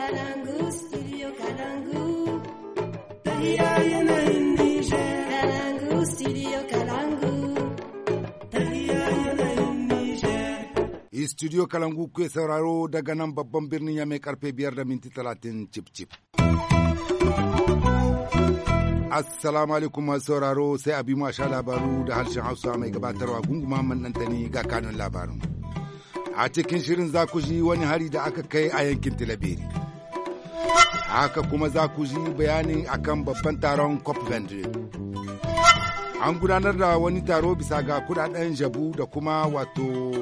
Kalangu, studio Kalangu. Tahiya ke sauraro daga nan babban birnin ya mai karfe biyar da minti talatin cip cip. Assalamu alaikum masu sauraro sai a bi sha labaru da harshen Hausa mai gabatarwa gunguma mannantani ga kanun labarin. a cikin shirin za wani hari da aka kai a yankin Tilaberi. haka kuma za ku ji bayanin akan babban taron cop an gudanar da wani taro bisa ga kudaden jabu da kuma wato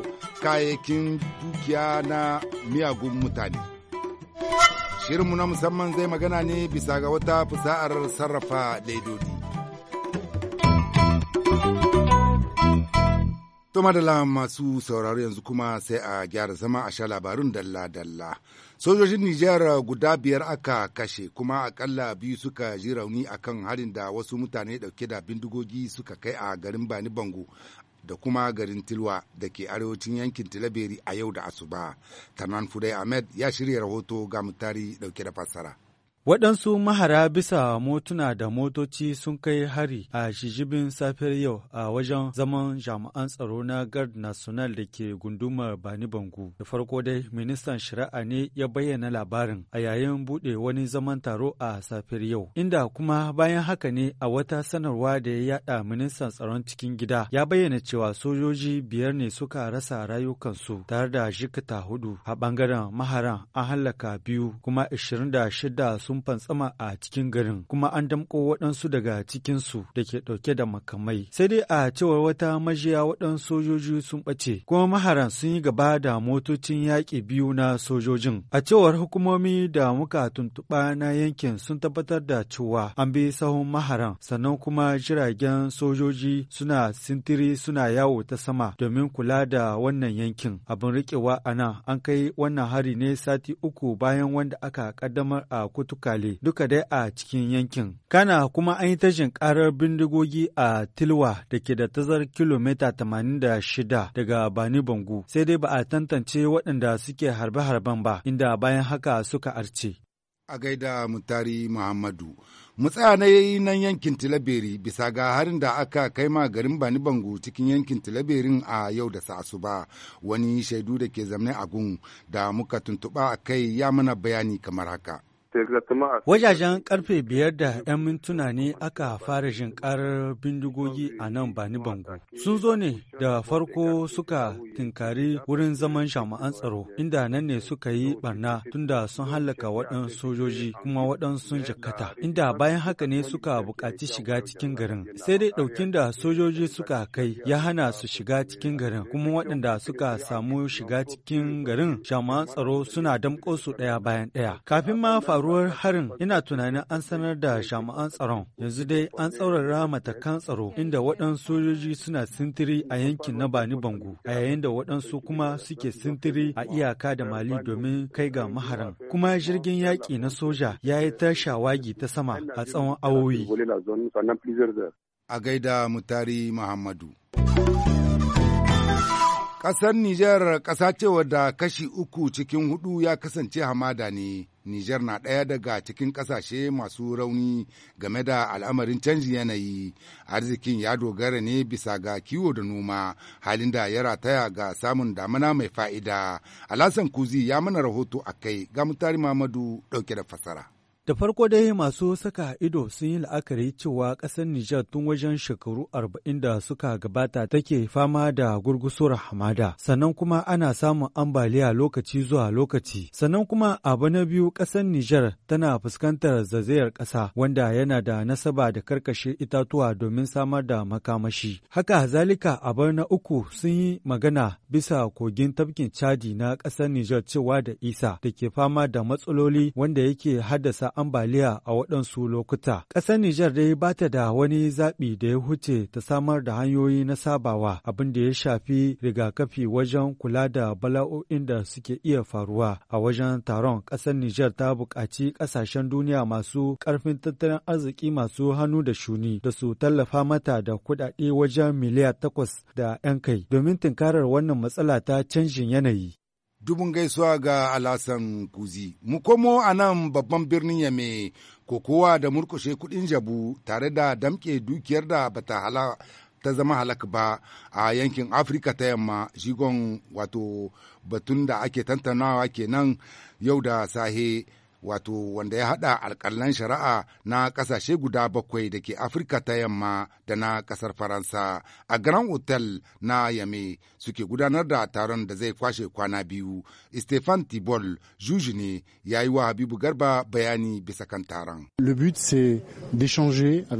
kayayyakin dukiya na miyagun mutane shirinmu na musamman zai magana ne bisa ga wata fasa'ar sarrafa daidodi To dala masu sauraro yanzu kuma sai a gyara zama a sha labarun dalla-dalla. Sojojin Nijar guda biyar aka kashe kuma akalla biyu suka ji rauni a kan harin da wasu mutane dauke da bindigogi suka kai a garin Bani Bango da kuma garin Tilwa da ke arewacin yankin Tilaberi a yau da asuba. Tanan Fudai Ahmed ya shirya rahoto ga mutari dauke da fassara. Waɗansu mahara bisa motuna da motoci sun kai hari a shijibin safiyar yau a wajen zaman jami'an tsaro na Guard National da ke gundumar Bani Bangu. Da farko dai, ministan shari'a ne ya bayyana labarin a yayin buɗe wani zaman taro a safiyar yau. Inda kuma bayan haka ne a wata sanarwa da ya yada ministan tsaron cikin gida ya bayyana cewa sojoji biyar ne suka rasa rayukansu tare da jikata hudu a bangaren maharan an hallaka biyu kuma shida sun fantsama a cikin garin kuma an damƙo waɗansu daga cikinsu da ke ɗauke da makamai. Sai dai a cewar wata majiya waɗansu sojoji sun ɓace kuma maharan sun yi gaba da motocin yaƙi biyu na sojojin. A cewar hukumomi da muka tuntuɓa na yankin sun tabbatar da cewa an bi sahun maharan sannan kuma jiragen sojoji suna sintiri suna yawo ta sama domin kula da wannan yankin. Abin riƙewa a nan an kai wannan hari ne sati uku bayan wanda aka ƙaddamar a kutuka Kale duka dai a cikin yankin. Kana kuma an yi tashin karar bindigogi a Tilwa da ke da tazar kilomita tamanin da shida daga Bani Bangu sai dai ba a tantance waɗanda suke harbe-harben ba inda bayan haka suka arce. A gaida Mutari Muhammadu. mutsanai nan yankin tilaberi bisa ga harin da aka kai ma garin bani bango cikin yankin tilaberin a yau da ba wani shaidu da ke zamne a gun da muka tuntuɓa a kai ya mana bayani kamar haka Wajajen karfe biyar da 'yan mintuna ne aka fara jin karar bindigogi a nan bani bango. Sun zo ne da farko suka tinkari wurin zaman jami'an tsaro inda nan ne suka yi barna tunda sun hallaka waɗansu sojoji kuma waɗansu sun jakata inda bayan haka ne suka buƙaci shiga cikin garin sai dai ɗaukin da sojoji suka kai ya hana su shiga cikin garin kuma waɗanda suka samu shiga cikin garin jami'an tsaro suna damƙo su ɗaya bayan ɗaya kafin ma faru faruwar harin ina tunanin an sanar da jami'an tsaron yanzu dai an tsaurara matakan tsaro inda waɗansu sojoji suna sintiri a yankin na bani bangu a yayin da waɗansu kuma suke sintiri a iyaka da mali domin kai ga maharan kuma jirgin yaƙi na soja ya yi ta shawagi ta sama a tsawon awowi a gaida mutari muhammadu Ƙasar Nijar ƙasa ce wadda kashi uku cikin hudu ya kasance hamada ne. Nijar na ɗaya daga cikin ƙasashe masu rauni game da al'amarin canji yanayi. Arzikin ya dogara ne bisa ga kiwo da noma, halin da ya rataya ga samun damana mai fa'ida. Alhassan Kuzi ya mana rahoto a kai ga mutari Mamadu ɗauke da fasara. Da farko dai masu saka ido sun yi la'akari cewa ƙasar Nijar tun wajen shekaru arba'in da suka gabata take fama da gurgusuwar hamada, sannan kuma ana samun ambaliya lokaci zuwa lokaci. Sannan kuma abu na biyu ƙasar Nijar tana fuskantar zazzayar ƙasa wanda yana da nasaba da karkashe itatuwa domin samar da makamashi. Haka zalika abu na uku sun yi magana bisa kogin tafkin Chadi na ƙasar Nijar cewa da Isa da ke fama da matsaloli wanda yake haddasa ambaliya a waɗansu lokuta. Ƙasar Nijar dai ba ta da wani zaɓi da ya huce ta samar da hanyoyi na sabawa abin da ya shafi rigakafi wajen kula da bala'o'in da suke iya faruwa. A wajen taron ƙasar Nijar ta buƙaci ƙasashen duniya masu ƙarfin tattalin arziki masu hannu da shuni da su tallafa mata da kuɗaɗe wajen miliyar takwas da 'yan kai domin tunkarar wannan matsala ta canjin yanayi. dubun gaisuwa ga alasan kuzi mu komo a nan babban birnin yame kokowa da murkushe kudin jabu tare da damke dukiyar da bata hala ta zama halak ba a yankin afirka ta yamma shigon wato batun da ake tantanawa kenan yau da sahe wato wanda ya haɗa alkalan shari'a na ƙasashe guda bakwai da ke afirka ta yamma da na ƙasar faransa a grand hotel na yame suke gudanar da taron da zai kwashe kwana biyu stefan tibol juji ne ya yi wa habibu garba bayani bisa kan taron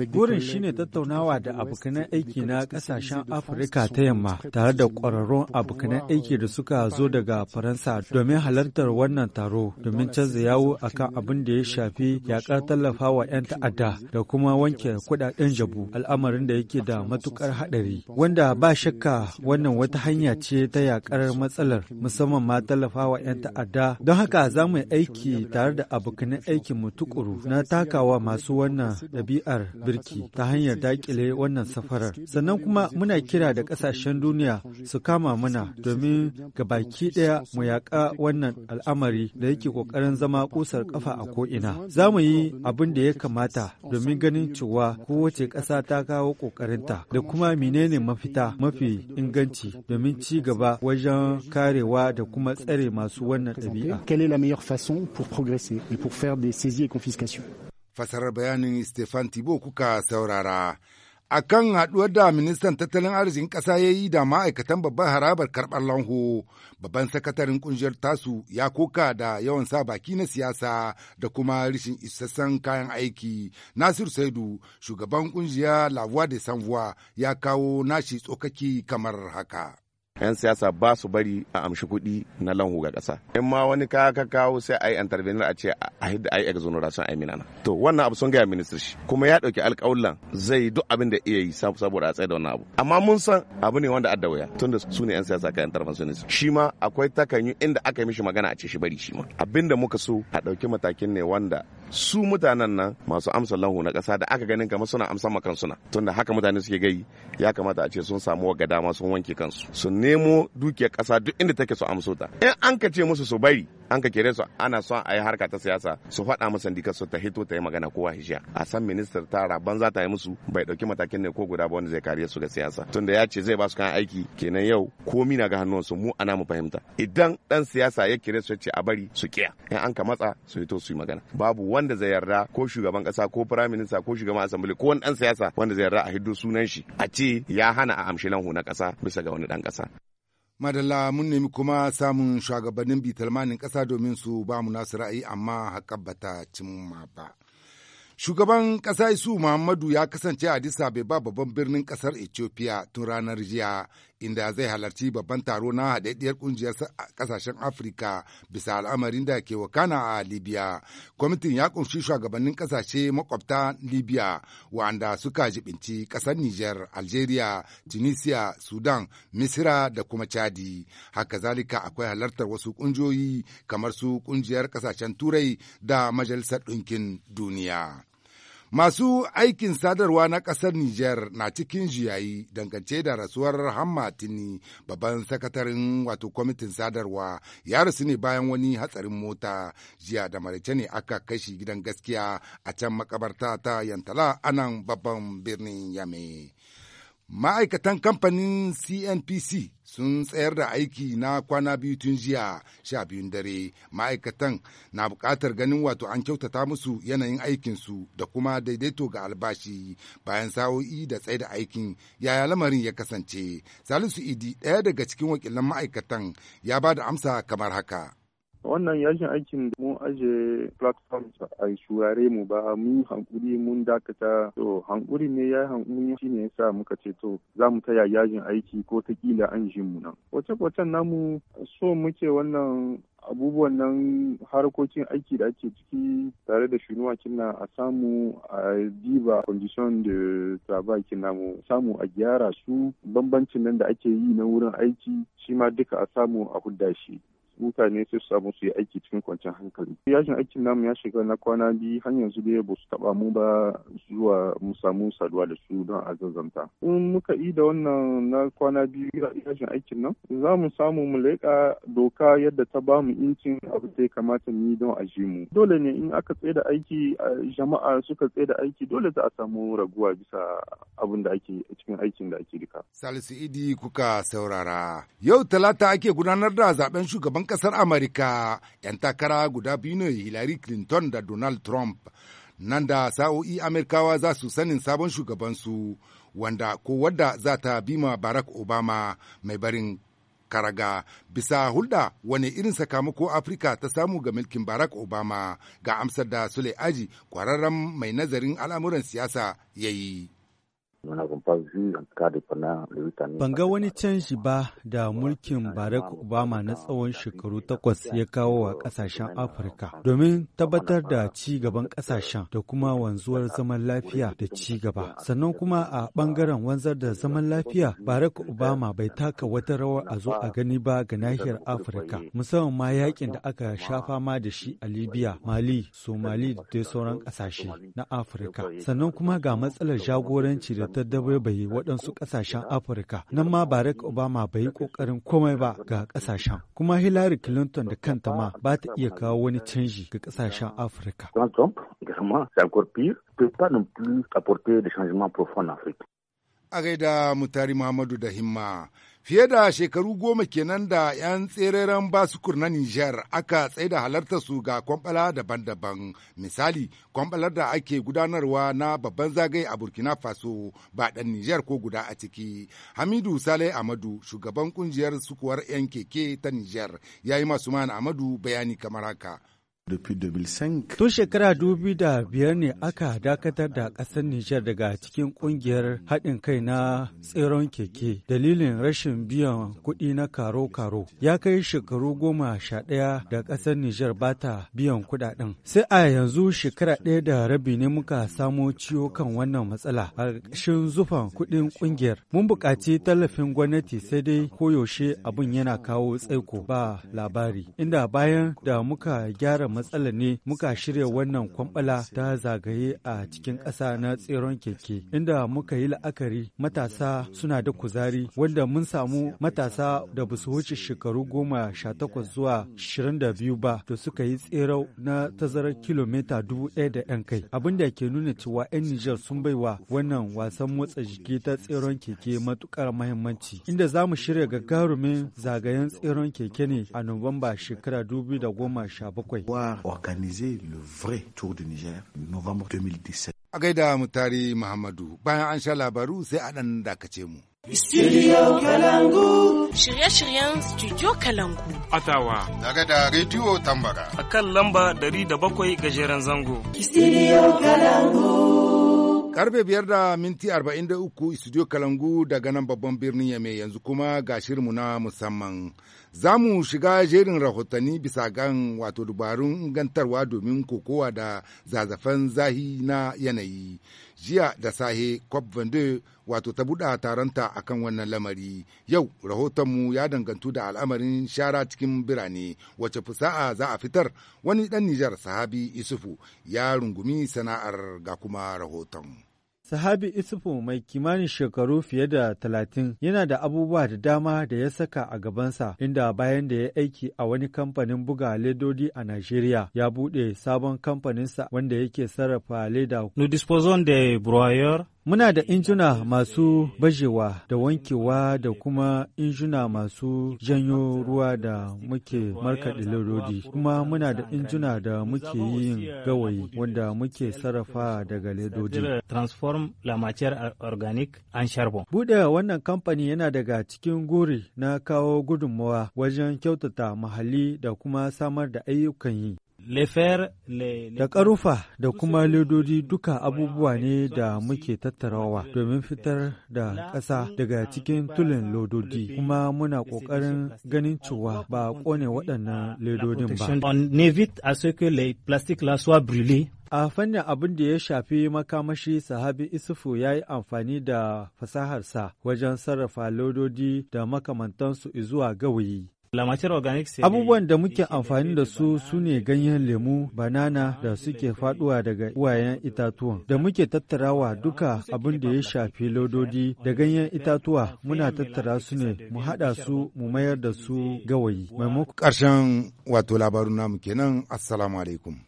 burin shine tattaunawa da abokanan aiki na ƙasashen afirka ta yamma tare da ƙwararrun abokanan aiki da suka zo daga faransa domin halartar wannan taro domin canza yawo a akan abin da ya shafi yaƙar tallafa wa 'yan ta'adda da kuma wanke kuɗaɗen jabu al'amarin da yake da matukar haɗari wanda ba shakka wannan wata hanya ce ta yaƙar matsalar musamman ma tallafa wa 'yan ta'adda don haka za mu aiki tare da abokanan aikin mu tukuru na takawa masu wannan ɗabi'ar birki ta hanyar daƙile wannan safarar sannan kuma muna kira da ƙasashen duniya su kama mana domin gabaki ɗaya mu yaƙa wannan al'amari da yake ƙoƙarin zama kusa kasar ƙafa a ko'ina. Za mu yi abin da ya kamata domin ganin cewa kowace ƙasa ta kawo ƙoƙarinta da kuma menene mafita mafi inganci domin ci gaba wajen karewa da kuma tsare masu wannan ɗabi'a. Fasarar bayanin Stefan tibo kuka saurara. a kan haɗuwar da ministan tattalin arzikin ƙasa ya yi da ma'aikatan babbar harabar karɓar lanho babban sakataren ƙungiyar tasu ya koka da yawan sa baki na siyasa da kuma rashin isassan kayan aiki nasiru saidu shugaban ƙungiya lavoie de sanvuwa ya kawo nashi tsokaki kamar haka 'yan siyasa ba su bari a amshi kuɗi na lanhu ga ƙasa in ma wani k'a ka kawo sai a yi a ce a hidda a yi exoneration a minana to wannan abu sun gaya minister shi kuma ya ɗauki alƙawullan zai duk abin da iya yi saboda a tsaye da wannan abu amma mun san abu ne wanda adda wuya tun da su ne 'yan siyasa ka interventionist shi ma akwai takanyu inda aka yi mishi magana a ce shi bari shi ma abin da muka so a ɗauki matakin ne wanda su mutanen nan masu amsa lanhu na ƙasa da aka ganin kamar suna amsa ma kansu na tunda haka mutane suke gai ya kamata a ce sun samu wa dama sun wanke kansu sun nemo dukiyar ƙasa duk inda take su amso ta in an ka ce musu su bari an ka kere su ana son a yi harka ta siyasa su faɗa musu dika su ta hito ta yi magana kowa hijiya a san ta tara banza ta yi musu bai ɗauki matakin ne ko guda ba wanda zai kare su ga siyasa tunda ya ce zai ba su kan aiki kenan yau komi na ga su mu ana mu fahimta idan ɗan siyasa ya kire su ya ce a bari su kiya in an ka matsa su hito su yi magana babu wanda zai yarda ko shugaban ƙasa ko firayim minista ko shugaban asambili ko wani ɗan siyasa wanda zai yarda a hiddo sunan shi a ce ya hana a amshi lanhu na ƙasa bisa ga wani ɗan ƙasa madalla mun nemi kuma samun shugabannin bitalmanin ƙasa domin su ba mu nasu ra'ayi amma haƙar ta cimma ba. Shugaban ƙasa Isu Muhammadu ya kasance a Addis Ababa babban birnin ƙasar Ethiopia tun ranar jiya inda zai halarci babban taro na haɗaɗɗiyar ƙungiyar ƙasashen Afirka bisa al'amarin da ke wakana a Libya. Kwamitin ya ƙunshi shugabannin ƙasashe makwabta Libya wa'anda suka jibinci ƙasar Nijar, Algeria, Tunisia, Sudan, Misira da kuma Chadi. Haka zalika akwai halartar wasu ƙungiyoyi kamar su ƙungiyar ƙasashen Turai da Majalisar Ɗinkin Duniya. Masu aikin sadarwa na ƙasar Nijar na cikin jiyayi dangance da rasuwar Hamma babban sakataren wato kwamitin sadarwa ya rasu ne bayan wani hatsarin mota jiya da maraice ne aka kashi gidan gaskiya a can makabarta ta Yantala anan babban birnin Yame. Ma'aikatan kamfanin CNPC sun tsayar da aiki na kwana biyu tun jiya sha biyun dare. Ma'aikatan na bukatar ganin wato an kyautata musu yanayin aikinsu da kuma daidaito ga albashi bayan sa'o'i da tsai da aikin yaya lamarin ya kasance. Salisu Idi ɗaya daga cikin wakilan ma'aikatan ya ba da amsa kamar haka. wannan yashin aikin da mun aje platform a shurare mu ba mun hankuri mun dakata to hankuri ne ya hankuri shi ne yasa muka ce to za mu taya yajin aiki ko ta kila an shi mu nan wace namu so muke wannan abubuwan nan harkokin aiki da ake ciki tare da shunuwa kina a samu a diba condition da travail kinna mu samu a gyara su bambancin nan da ake yi na wurin aiki shi ma duka a samu a hudda shi mutane sai su samu su yi aiki cikin kwanciyar hankali yashin aikin namu ya shiga na kwana biyu har yanzu dai ba su taba mu ba zuwa mu samu saduwa da su don a zazzanta in muka yi da wannan na kwana biyu yashin aikin nan za mu samu mu leƙa doka yadda ta ba mu incin abu da kamata mu yi don a ji mu dole ne in aka tsaye da aiki jama'a suka tsaye da aiki dole za a samu raguwa bisa abin da ake cikin aikin da ake dika. salisu idi kuka saurara yau talata ake gudanar da zaben shugaban ƙasar Amurka, 'yan takara guda biyu ne Hillary Clinton da Donald Trump. Nan da sa'o'i Amerikawa za su sanin sabon shugabansu, wanda ko wadda za ta bima Barack Obama mai barin karaga bisa hulɗa wani irin sakamako afirka ta samu ga milkin barack obama ga amsar da sule aji kwararren mai nazarin al'amuran siyasa ya yi Ban ga wani canji ba da mulkin Barack Obama na tsawon shekaru takwas ya kawo wa ƙasashen Afirka domin tabbatar da ci gaban ƙasashen da kuma wanzuwar zaman lafiya da ci gaba. Sannan kuma a ɓangaren wanzar da zaman lafiya, Barack Obama bai taka wata rawar a zo a gani ba ga nahiyar Afirka, musamman ma yakin da aka sha fama da shi a Libya, Mali, Somali da sauran ƙasashe na Afirka. Sannan kuma ga matsalar jagoranci da ta dabaibaye waɗansu ƙasashen Afirka. Nan ma Barack Obama bai yi ƙoƙarin komai ba ga ƙasashen. Kuma Hillary Clinton da kanta ma ba ta iya kawo wani canji ga ƙasashen Afirka. A gaida Mutari Muhammadu da Himma. Fiye da shekaru goma kenan da 'yan tsereren basukur na Nijar aka tsaida halartar su ga kwamfala daban-daban. Misali, kwamfalar da ake gudanarwa na babban zagaye a Burkina Faso ba dan Nijar ko guda a ciki. Hamidu Sale Amadu, shugaban kungiyar sukuwar 'yan keke ta Nijar, ya yi masu Amadu bayani kamar haka. Tun shekara dubi da biyar ne aka dakatar da ƙasar Nijar daga cikin ƙungiyar haɗin kai na tseron keke dalilin rashin biyan kuɗi na karo-karo. Ya kai shekaru goma sha ɗaya da ƙasar Nijar ba ta biyan kuɗaɗen. Sai a yanzu shekara ɗaya da rabi ne muka samo ciwo kan wannan matsala a ƙarshen zufan kuɗin ƙungiyar. Mun buƙaci tallafin gwamnati sai dai koyaushe abin yana kawo tsaiko ba labari. Inda bayan da muka gyara matsala ne muka shirya wannan kwambala ta zagaye a cikin ƙasa na tseren keke inda muka yi la'akari matasa suna da kuzari wanda mun samu matasa da ba su wuce shekaru goma sha takwas zuwa shirin da biyu ba da suka yi tsero na tazarar kilomita dubu ɗaya da ɗan kai abin da ke nuna cewa 'yan Nijar sun wa wannan wasan motsa jiki ta tseren keke matukar mahimmanci inda za mu shirya gagarumin zagayen tseren keke ne a Nuwamba shekara dubu da goma sha bakwai. pouvoir organiser le vrai tour du Niger, novembre 2017. A gaida mutari Muhammadu bayan an sha labaru sai a da dakace mu. Studio Kalangu. Shirye-shiryen Studio Kalangu. Atawa. Daga da Radio Tambara. A kan lamba ga gajeren zango. Studio Kalangu. Karfe biyar da minti arba'in da uku studio Kalangu daga nan babban birnin Yame yanzu kuma ga shirinmu na musamman. Za mu shiga jerin rahotanni bisa gan wato dubarun ingantarwa domin kokowa da zazafan zahi na yanayi. Jiya da sahe COP wato ta buɗa taronta akan wannan lamari. Yau rahotonmu ya dangantu da al'amarin shara cikin birane wace fusa'a za a fitar wani ɗan Nijar sahabi Isufu ya rungumi sana'ar ga kuma rahoton. Sahabi Isufu mai kimanin shekaru fiye da talatin yana da abubuwa da dama da ya saka a gabansa inda bayan da ya aiki a wani kamfanin buga ledodi a Najeriya ya buɗe sabon kamfaninsa wanda yake sarrafa leda. Nous disposons des broyeurs Muna da injuna masu bajewa da wankewa da kuma injuna masu janyo ruwa da muke markaɗe lerodi. Kuma muna da injuna da muke yin gawayi wanda muke sarrafa daga ledodi. Transform la matière organique en charbon. Buɗe wannan kamfani yana daga cikin guri na kawo gudunmawa wajen kyautata muhalli da kuma samar da ayyukan yi. Da ƙarufa da kuma ledodi duka abubuwa ne da muke tattarawa domin fitar da ƙasa daga cikin tulin lododi kuma muna ƙoƙarin ganin cewa ba a ƙone waɗannan ledodin ba. A fannin abin da ya shafi makamashi sahabi Isufu ya yi amfani da fasaharsa wajen sarrafa lododi da makamantansu zuwa gawayi Abubuwan da muke amfani da su su ne ganyen lemu, banana da suke faduwa daga uwayen itatuwan. Da muke tattarawa duka abin da ya shafi lododi da ganyen itatuwa muna tattara su ne mu haɗa su mu mayar da su gawayi. Maimakon ƙarshen wato labaru namu kenan Assalamu alaikum.